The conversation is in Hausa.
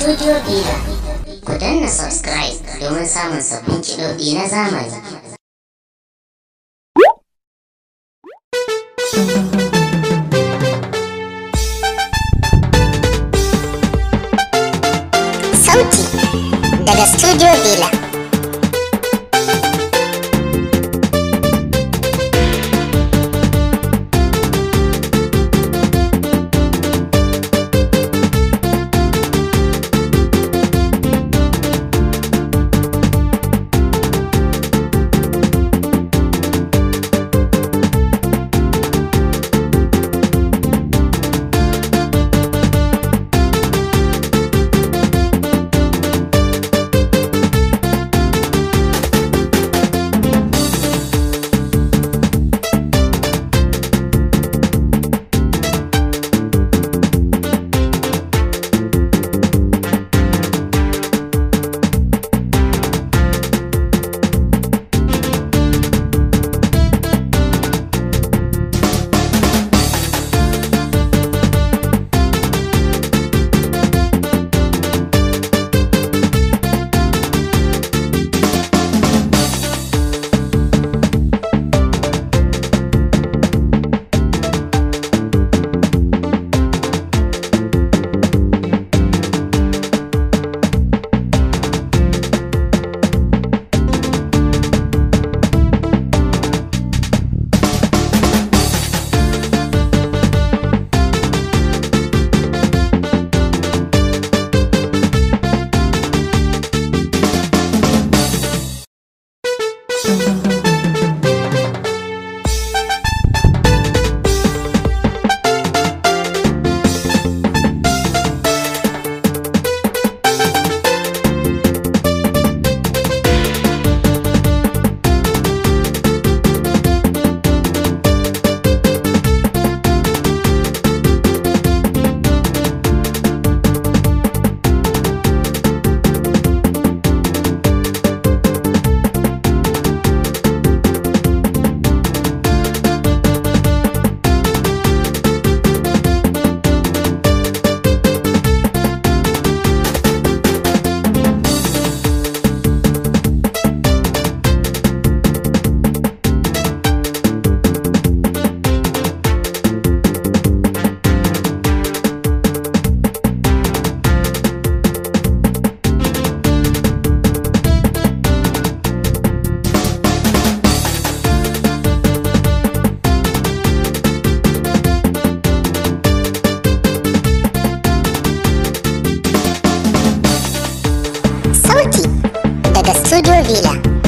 Studio Dila. Ku danna subscribe domin samun sabbin kiɗoɗi na zamani. Sauti daga Studio Dila. Thank you. 力量。